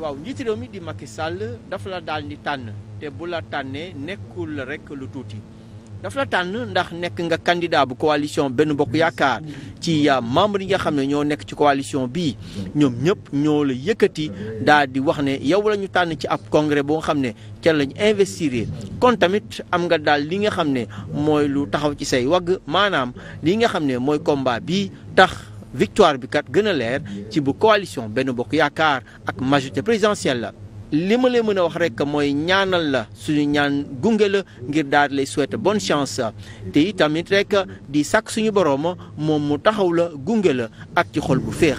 waaw njiitu réew mi di Macky Sall dafa la daal di tànn te bu la tànnee nekkul rek lu tuuti dafa la tànn ndax nekk nga candidat bu coalition benn bokk yaakaar ci euh, membre yi nga xam ne ñoo nekk ci coalition bii ñoom ñëpp ñoo la yëkkati daal di wax ne yow la ñu tànn ci ab congrès boo xam ne ca lañ investir kon tamit am nga daal li nga xam ne mooy lu taxaw ci say wagg maanaam li nga xam ne mooy combat bi tax. victoire bi kat gën a leer ci bu coalition benn bokk yaakaar ak majorité présidentielle la. li ma leen mën a wax rek mooy ñaanal la suñu ñaan gunge la ngir daal lay souhaiter bonne chance te itamit rek di sàkk suñu boroom moom mu taxaw la gunge la ak ci xol bu féex.